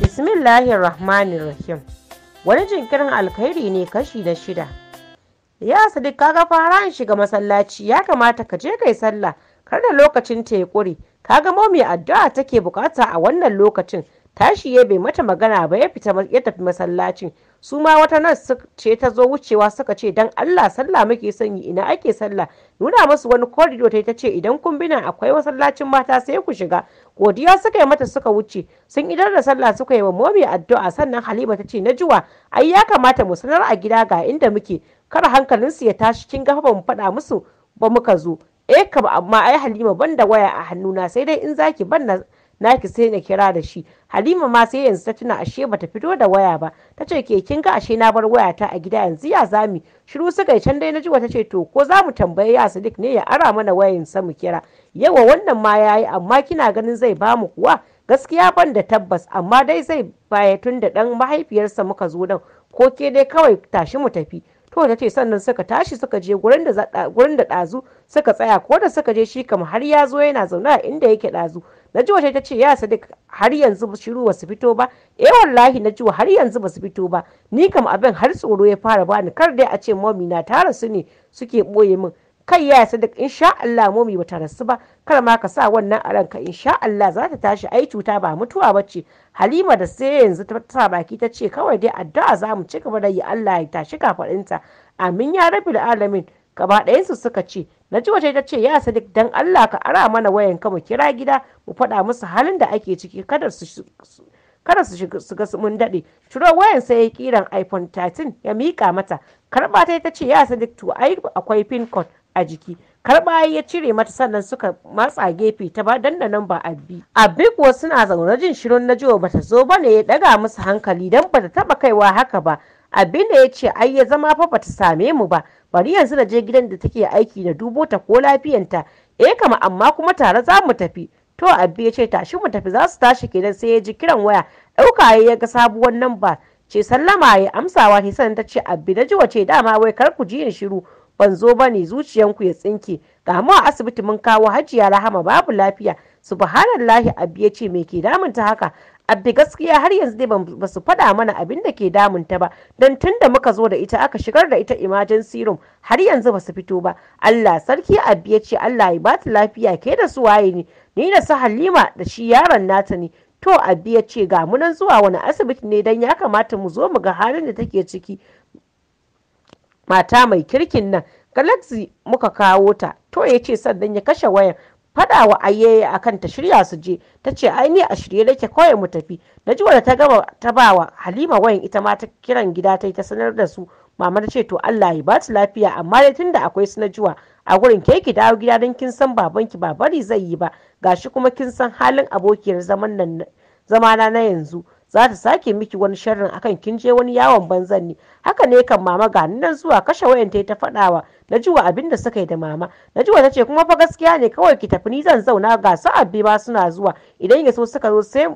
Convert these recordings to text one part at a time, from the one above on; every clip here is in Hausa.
Bismillahir Rahmanir Rahim. Wani jinkirin alkhairi ne kashi na shida. Ya sadi kaga fara in shiga masallaci ya kamata ka je kai sallah kar da lokacin ta ya kure. Kaga mami addu'a take bukata a wannan lokacin tashi ya bai mata magana ba ya fita ya tafi masallacin su ma wata nan ce ta zo wucewa suka ce dan Allah sallah muke sanyi ina ake sallah nuna musu wani korido ta ta ce idan kun bi akwai masallacin mata sai ku shiga godiya suka yi mata suka wuce sun idar da sallah suka yi wa momi addu'a sannan Halima ta ce na juwa ai ya kamata mu sanar a gida ga inda muke kar hankalinsu ya tashi kin ga ba mu faɗa musu ba muka zo eh kam amma ai Halima ban da waya a hannuna sai dai in zaki ban na Na ki sai na kira da shi halima ma sai yanzu ta tuna ashe bata fito da waya ba ta ce ke kin ga ashe na bar wayata a gida yanzu ya zami shiru suka can dai na ji wata ce to ko za mu tambaye ya sadiq ne ya ara mana wayan sa mu kira yawa wannan ma ya yi amma kina ganin zai bamu kuwa gaskiya ban da tabbas amma dai zai baya tun da dan mahaifiyarsa muka zo nan ko ke dai kawai tashi mu tafi to ta ce sannan suka tashi suka je gurin da ɗazu suka tsaya ko da suka je shi kam har ya zo yana zaune a inda yake ɗazu na Najuwa ta ce ya Sadiq har yanzu shiru ba su fito ba eh wallahi na Najuwa har yanzu ba su fito ba ni kam abin har tsoro ya fara bani kar dai a ce momi na tara su ne suke boye min kai ya Sadiq insha Allah momi ba ta rasu ba kar ma ka sa wannan a ranka insha Allah za ta tashi ai cuta ba mutuwa ba ce. Halima da sai yanzu ta sa baki ta ce kawai dai addu'a za mu ci gaba da yi Allah ya tashi kafaɗinta amin ya rabbil alamin gaba ɗayansu suka ce Na ji waje ta ce ya sadiq dan allah ka ara mana wayan ka mu kira gida mu faɗa musu halin da ake ciki kada su kada su mun daɗe ciro wayan sai ya kiran iphone 13 ya miƙa mata karɓa ta ta ce ya sadiq to ai akwai pin code a jiki karɓa ya cire mata sannan suka matsa gefe ta ba nan ba abbi abbi kuwa suna zaune jin shirin na jiwa bata zo ba ne ya ɗaga musu hankali dan bata taɓa kaiwa haka ba abin da ya ce ai ya zama fa bata same mu ba bari yanzu na je gidan da take aiki na dubo ta ko lafiyanta E, kama amma kuma tare za mu tafi to abbi ya ce tashi mu tafi za su tashi kenan sai ya ji kiran waya dauka ya ga sabuwar namba ce sallama ya amsawa ta sanin ta ce abbi na ji wace dama wai kar ku ji yin shiru ban zo ba ne zuciyanku ya tsinke ga mu a asibiti mun kawo hajiya rahama babu lafiya subhanallahi abbi ya ce me ke damun ta haka abbi gaskiya har yanzu dai ba su faɗa mana abin da ke damun ta ba don tun da muka zo da ita aka shigar da ita imajin sirum har yanzu ba su fito ba allah sarki abbi ya ce allah ya ba ta lafiya ke da su waye ne ni da su halima da shi yaron nata ne to abbi ya ce ga nan zuwa wani asibiti ne don ya kamata mu zo mu ga halin da take ciki mata mai kirkin nan galaxy muka kawo ta to ya ce sannan ya kashe wayan faɗa wa a kan ta shirya su je ta ce ai ni a shirye nake kawai mu tafi na ji wadda ta gama ta ba wa halima wayan ita ma ta kiran gida ta yi ta sanar da su mama ta ce to Allah ya ba lafiya amma dai tunda akwai su na juwa a gurin ke ki dawo gida don kin san babanki ba bari zai yi ba gashi kuma kin san halin abokiyar zaman zamana na yanzu za ta sake miki wani sharrin akan kin je wani yawon banzan ne haka ne kan mama ga nan zuwa kashe wayan ta ta faɗawa na wa abin da suka yi da mama na ji ta ce kuma fa gaskiya ne kawai ki tafi ni zan zauna ga su abbi ba suna zuwa idan ya so suka zo sai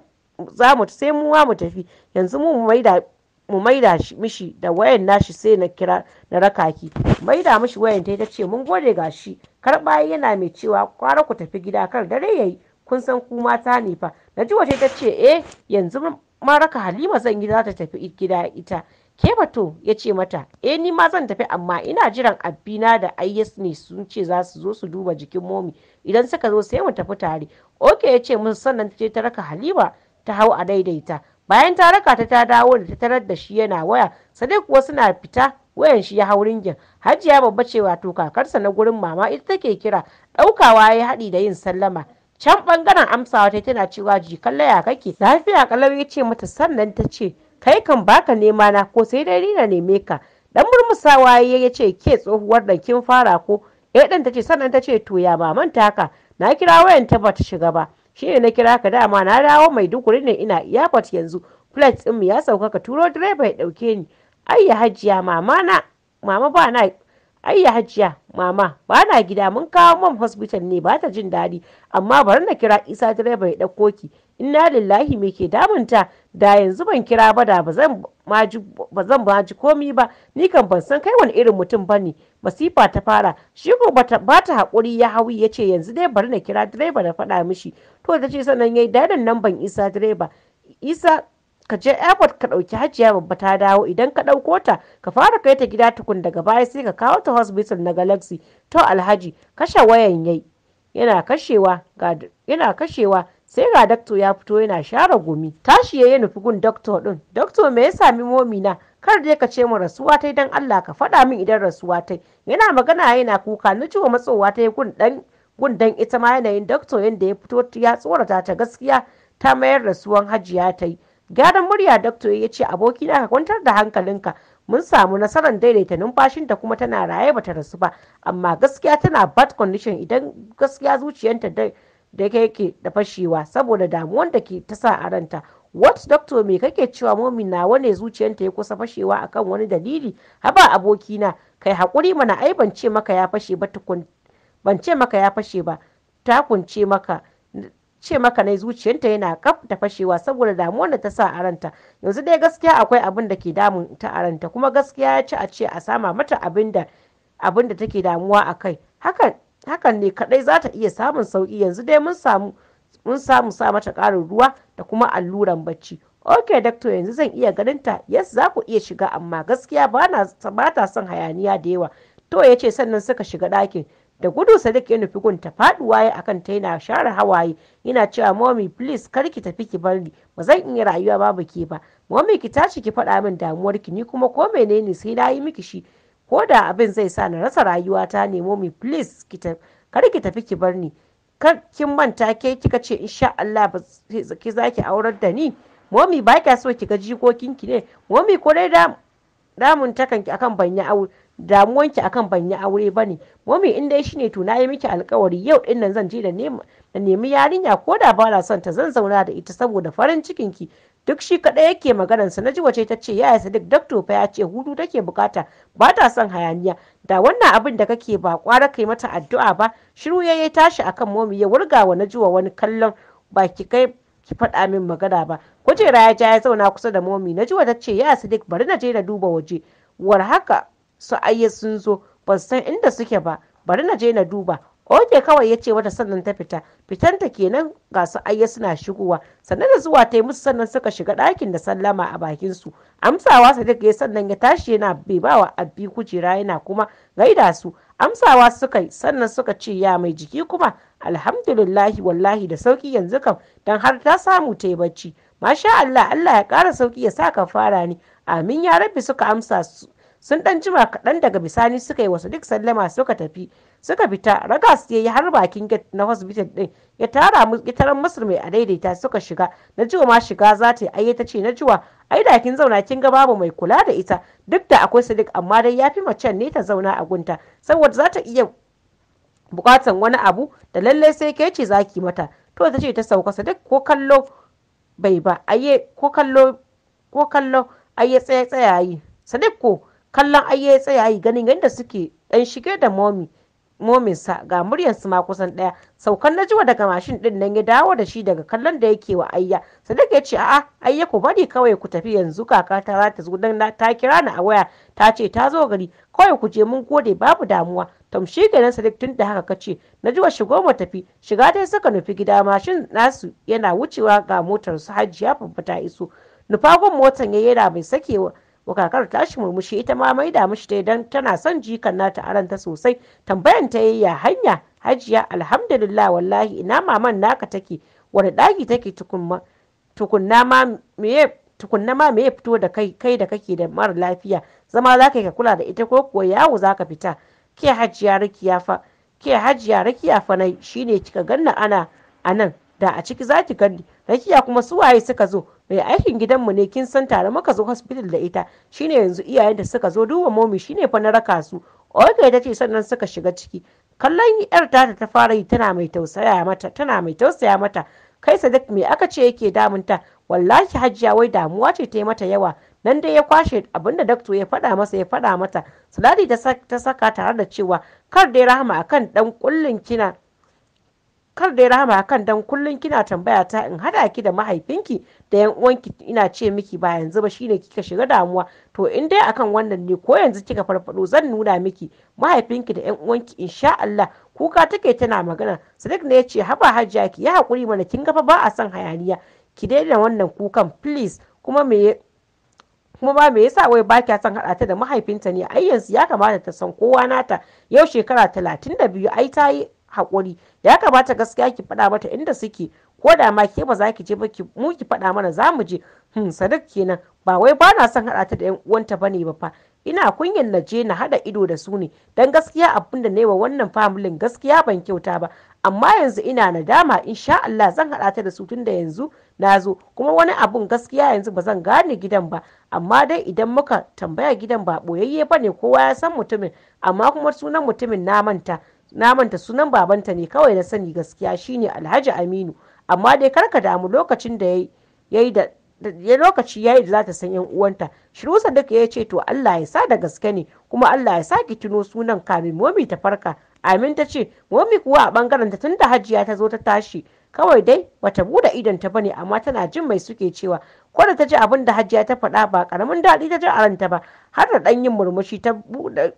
za mu sai mu wa mu tafi yanzu mu maida mu da mishi da wayan nashi sai na kira na raka ki maida mishi wayan ta ta ce mun gode ga shi karba yana mai cewa kwara ku tafi gida kar dare yayi kun san ku mata ne fa na ji ta ce eh yanzu Kuma raka halima zan yi za ta tafi gida ita ke bato ya ce mata e ni ma zan tafi amma ina jiran abina da ayyas ne sun ce za su zo su duba jikin momi idan suka zo sai mu tafi tare oke ya ce musu sannan ta je ta raka halima ta hau a daidaita bayan ta raka ta ta dawo da ta tarar da shi yana waya sadai kuwa suna fita wayan shi ya hau ringin hajiya babba ce wato kakarsa na gurin mama ita take kira ɗaukawa ya haɗi da yin sallama can bangaren amsawa ta tana cewa jikan laya kake lafiya kalau ya ce mata sannan ta ce kai kan baka nema na ko sai dai na neme ka dan murmusawa ya ce ke tsohuwar da kin fara ko eh dan ce, sannan ta ce to ya maman taka na kira wayan ta bata shiga ba Shi ne na kira ka dama na dawo mai dukuri ne ina airport yanzu flight din mu ya sauka ka turo direba ya ɗauke ni ayya hajiya mama na mama ba na ya hajiya mama ba na gida mun kawo mam hospital ne ba ta jin daɗi amma bari na kira isa direba ya ɗauko ki inna lillahi me ke damunta da yanzu ban kira ba da ba zan ma ji komi ba ni kan ban san kai wani irin mutum ba ne masifa ta fara shi ko ba ta haƙuri ya hawi ya ce yanzu dai bari na kira direba na faɗa mishi to ta ce sannan ya yi dadan nan ban isa direba isa ka je airport ka ɗauki hajiya babba ta dawo idan ka ɗauko ta ka fara kai ta gida tukun daga baya sai ka kawo ta hospital na galaxy to alhaji kashe wayan yai yana kashewa yana kashewa sai ga dakto ya fito yana share gumi tashi ya nufi gun dakto din dakto me ya sami momina kar dai ka ce mu rasuwa tai dan Allah ka faɗa min idan rasuwa tai yana magana yana kuka na ciwo matsowa tai gun dan gun dan ita ma yanayin dakto yanda ya fito ya tsorata ta gaskiya ta mayar rasuwan hajiya tai gyaran murya doctor ya ce abokina ka kwantar da hankalinka mun samu nasarar daidaita numfashin numfashinta kuma tana raye bata rasu ba amma gaskiya tana bad condition idan gaskiya zuciyanta da da yake da fashewa saboda damuwan da ke ta sa a ranta what doctor me kake cewa momi na ne zuciyanta ya kusa fashewa akan wani dalili haba abokina kai hakuri mana ai ban ce maka ya fashe ba tukun ban ce maka ya fashe ba ta kunce maka ce maka ne zuciyarta yana kaf da fashewa saboda damuwar da ta sa a ranta yanzu dai gaskiya akwai abin da ke damun ta a ranta kuma gaskiya ya ci a ce a sama mata abin da take damuwa a kai hakan ne kadai za ta iya samun sauki yanzu dai mun samu sa mata karin ruwa da kuma alluran bacci ok doctor yanzu zan iya ganin ta yes za ku iya shiga amma gaskiya ba ta son hayaniya da yawa to ya ce sannan suka shiga ɗakin da gudu sadiq ya nufi gunta faduwa ya akan ta yana share hawaye yana cewa mommy please kar ki tafi ki bar ni ba zan iya rayuwa babu ke ba mommy ki tashi ki faɗa min damuwar ki ni kuma ko menene sai na yi miki shi ko da abin zai sa na rasa rayuwata ne mommy please kar ki tafi ki bar ni kar kin manta ke kika ce insha Allah ba ki zaki aurar da ni momi ba kya so ki ga ki ne momi ko dai da damun takan ki akan banya aure damuwan ki akan banya yi aure bane mami in dai shine to nayi miki alkawari yau din nan zan je da nemi yarinya ko da ba na son ta zan zauna da ita saboda farin cikin ki duk shi kadai yake maganar sa naji wace ta ce yaya duk dakto fa ya ce hudu take bukata ba ta son hayaniya da wannan abin da kake ba kwara kai mata addu'a ba shiru yayi tashi akan momi ya wurga wa najuwa wani kallon baki kai ki faɗa min magana ba kujera ya ja ya zauna kusa da momi na ji wata ce ya Sadiq bari na je na duba waje war haka su ayye sun zo ban san inda suke ba bari na je na duba oke kawai ya ce wata sannan ta fita fitanta kenan ga su ayye suna shigowa sannan da zuwa ta yi musu sannan suka shiga ɗakin da sallama a bakin su amsawa sadiq ya sannan ya tashi yana bai bawa abbi kujera yana kuma gaida su amsawa suka yi sannan suka ce ya mai jiki kuma alhamdulillahi wallahi da sauki yanzu kam don har ta samu ta yi bacci masha Allah Allah ya ƙara sauki ya sa ka fara ni amin ya rabbi suka amsa su sun dan jima kaɗan daga bisani suka yi wasu duk sallama suka tafi suka fita raga ya yi har bakin gate na hospital din ya tara mu musu mai a daidaita suka shiga na jiwa ma shiga za ta yi ayyata ce na jiwa ai da kin zauna kin ga babu mai kula da ita duk da akwai sadiq amma dai yafi macen ne ta zauna a gunta saboda za ta iya bukatan wani abu da lallai sai ke ce zaki mata to ta ce ta sauka sadiq ko kallo bai ba aye ko kallo ko kallo aye tsaya tsayayi sadiq ko kallon aye yi ganin yadda suke dan shige da momi mominsa ga muryarsu ma kusan ɗaya saukan na jiwa daga mashin ɗin nan ya dawo da shi daga kallon da yake wa ayya sadiq ya ce a'a ayya ku bari kawai ku tafi yanzu kaka ta za ta zo dan ta kira ni a waya ta ce ta zo gari kawai ku je mun gode babu damuwa tamshi nan sadiq tun da haka kace na jiwa shigo mu tafi shiga dai suka nufi gida mashin nasu yana wucewa ga motar su babba ta iso nufagun motan ya yana mai sakewa wakakar ta shi murmushi ita ma maida mishi dai don tana son jikan nata aranta sosai tambayan ta yi ya hanya hajiya alhamdulillah wallahi ina maman naka take wani ɗaki take tukunna ma meye fito da kai kai da kake da mara lafiya zama za ka kula da ita ko kuwa yawo za ka fita ke hajiya rakiya fa ke hajiya rakiya fa nai shine kika ganna ana anan da a ciki za ki gani rakiya kuma su waye suka zo mai aikin gidanmu ne kin san tare muka zo hospital da ita shine yanzu iyayen iyayenta suka zo duba momi shine fa na raka su oge ta ce sannan suka shiga ciki kallon yar ta ta fara yi tana mai tausaya mata tana mai tausaya mata kai sadik me aka ce yake damunta wallahi hajiya wai damuwa ce ta yi mata yawa nan dai ya kwashe abinda dakto ya faɗa masa ya faɗa mata saladi ta saka tare da cewa kar dai rahama akan dan kullin kina kar dai rahama kan dan kullum kina tambaya ta in hada ki da mahaifinki da yan uwanki ina ce miki ba yanzu ba shine kika shiga damuwa to in dai akan wannan ne ko yanzu kika farfado zan nuna miki mahaifinki da yan uwanki insha Allah kuka take tana magana Sadiq ne yace haba hajjia ki ya hakuri mana kin fa ba a son hayaniya ki daina wannan kukan please kuma me kuma ba me yasa wai ba kya son hada ta da mahaifinta ne ai yanzu ya kamata ta san kowa nata yau shekara talatin da biyu ai ta yi haƙuri ya kamata gaskiya ki faɗa mata inda suke ko da ma ke ba za ki je ba mu ki faɗa mana za mu je hmm sadak kenan ba wai ba na son haɗa ta da yan uwanta bane ba fa ina kunyan na je na hada ido da su ne dan gaskiya abin da wa wannan familin gaskiya ban kyauta ba amma yanzu ina nadama insha Allah zan haɗa ta da su tun da yanzu na zo kuma wani abun gaskiya yanzu ba zan gane gidan ba amma dai idan muka tambaya gidan ba ɓoyayye ba ne kowa ya san mutumin amma kuma sunan mutumin na manta na manta sunan babanta ne kawai na sani gaskiya shine alhaji aminu amma dai karka damu lokacin da ya yi da ya lokaci yayi da za ta san yan uwanta shirusa duka ya ce to Allah ya sa da gaske ne kuma Allah ya sa ki tuno sunan kamin momi ta farka amin ta ce momi kuwa a bangaren ta da hajiya ta zo ta tashi kawai dai bata buɗe idon ta bane amma tana jin mai suke cewa ko da ta ji abin da hajiya ta faɗa ba karamin daɗi ta ji a ranta ba har da ɗan yin murmushi ta buɗe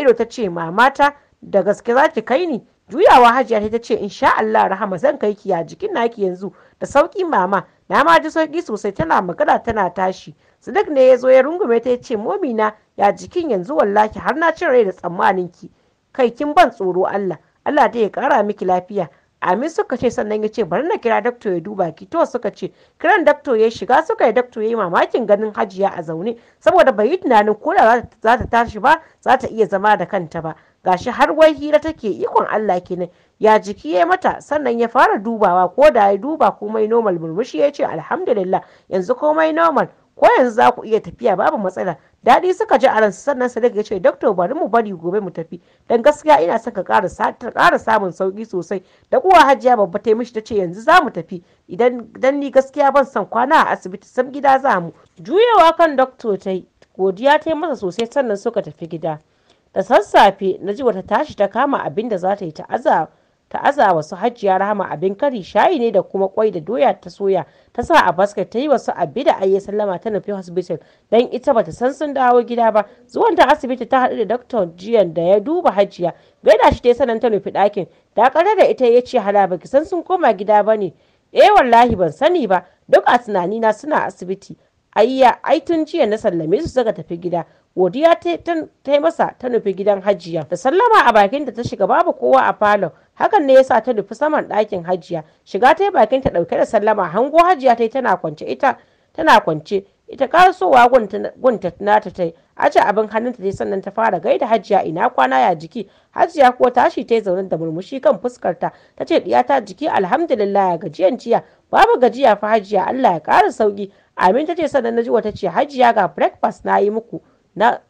ido ta ce mamata da gaske za ki kai ni juyawa hajiya ta ce sha Allah rahama zan kai ki ya jikin naki yanzu da sauki mama na ma ji sauki sosai tana magana tana tashi Sadiq ne ya zo ya rungume ta ce momina ya jikin yanzu wallahi har na cin rai da tsammanin ki kai kin ban tsoro Allah Allah dai ya kara miki lafiya Amin suka ce sannan ya ce bari na kira dakto ya duba ki to suka ce kiran dakto ya shiga suka yi dakto ya yi mamakin ganin hajiya a zaune saboda bai yi tunanin ko da za ta tashi ba za ta iya zama da kanta ba gashi har wai hira take ikon Allah kenan ya jiki ya mata sannan ya fara dubawa ko da ya duba komai normal murmushi ya ce alhamdulillah yanzu komai normal ko yanzu za ku iya tafiya babu matsala daɗi suka ji a ransu sannan sadaka ya ce doctor bari mu bari gobe mu tafi dan gaskiya ina son ka ƙara samun sauƙi sosai da kuwa hajiya babba ta mishi ta ce yanzu za mu tafi idan ni gaskiya ban san kwana a asibiti sam gida za mu juyawa kan doctor ta godiya ta yi masa sosai sannan suka tafi gida Da sassafe na ji wata tashi ta kama abin da za ta yi ta aza wa su Rahama abin kari shayi ne da kuma kwai da doya ta soya ta sa a basket ta yi wa su abi da ayi sallama ta nufi hospital don ita bata san sun dawo gida ba zuwan ta asibiti ta haɗu da dr jiyan da ya duba Hajiya gaida shi ta sanan ta nufi ɗakin da da ita ya ce hala baki san sun koma gida ba ne eh wallahi ban sani ba duk a tunanina suna asibiti ayya ai tun jiya na sallame su suka tafi gida godiya ta yi masa ta nufi gidan hajiya da sallama a bakin da ta shiga babu kowa a falon hakan ne yasa ta nufi saman ɗakin hajiya shiga ta yi bakin ta ɗauke da sallama hango hajiya ta yi tana kwance ita tana kwance ita karasowa gunta nata ta yi aje abin hannun hannunta ta sannan ta fara gaida hajiya ina kwana ya jiki hajiya kuwa tashi ta yi zaune da murmushi kan fuskarta ta ce ta jiki alhamdulillah ya gajiyan jiya babu gajiya fa hajiya allah ya ƙara sauki amin ta ce sannan na ji wata ce hajiya ga breakfast na yi muku na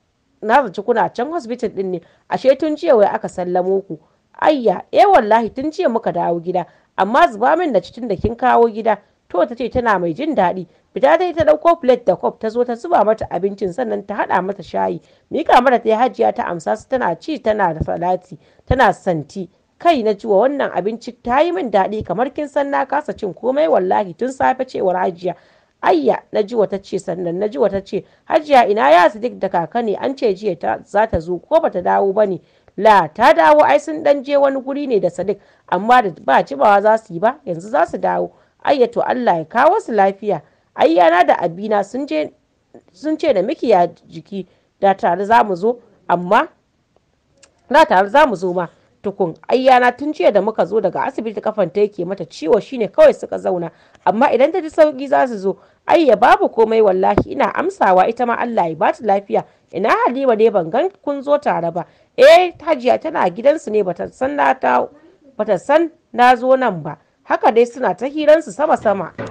zaci kuna can hospital din ne ashe tun jiya wai aka sallamo ku ayya eh wallahi tun jiya muka dawo gida amma zuba min da cikin da kin kawo gida to ta ce tana mai jin daɗi fita ta yi ta ɗauko plate da kwaf ta zo ta zuba mata abincin sannan ta haɗa mata shayi mika mata ta yi hajiya ta amsa su tana ci tana da salati tana santi kai na jiwa wannan abinci ta yi min daɗi kamar kin san na kasa cin komai wallahi tun safe cewar hajiya ayya na ji wata ce sannan na ji wata ce hajiya ina ya duk da kaka ne an ce jiya ta za ta zo ko bata dawo ba ne la ta dawo ai sun dan je wani guri ne da sadiq amma da ba bawa za su yi ba yanzu za su dawo ayya to allah ya kawo su lafiya ayyana da abina sun ce da miki ya jiki da tare za mu zo amma na tare za mu zo ma tukun ayyana tun jiya da muka zo daga asibiti kafan ta yake mata ciwo shine kawai suka zauna amma idan ta ji sauki za su zo ya babu komai wallahi ina amsawa ita ma Allah ya bata lafiya ina Halima ne ban gan kun zo tare ba eh Hajiya tana gidansu ne bata san na ta bata san na zo nan ba haka dai suna ta hiransu sama sama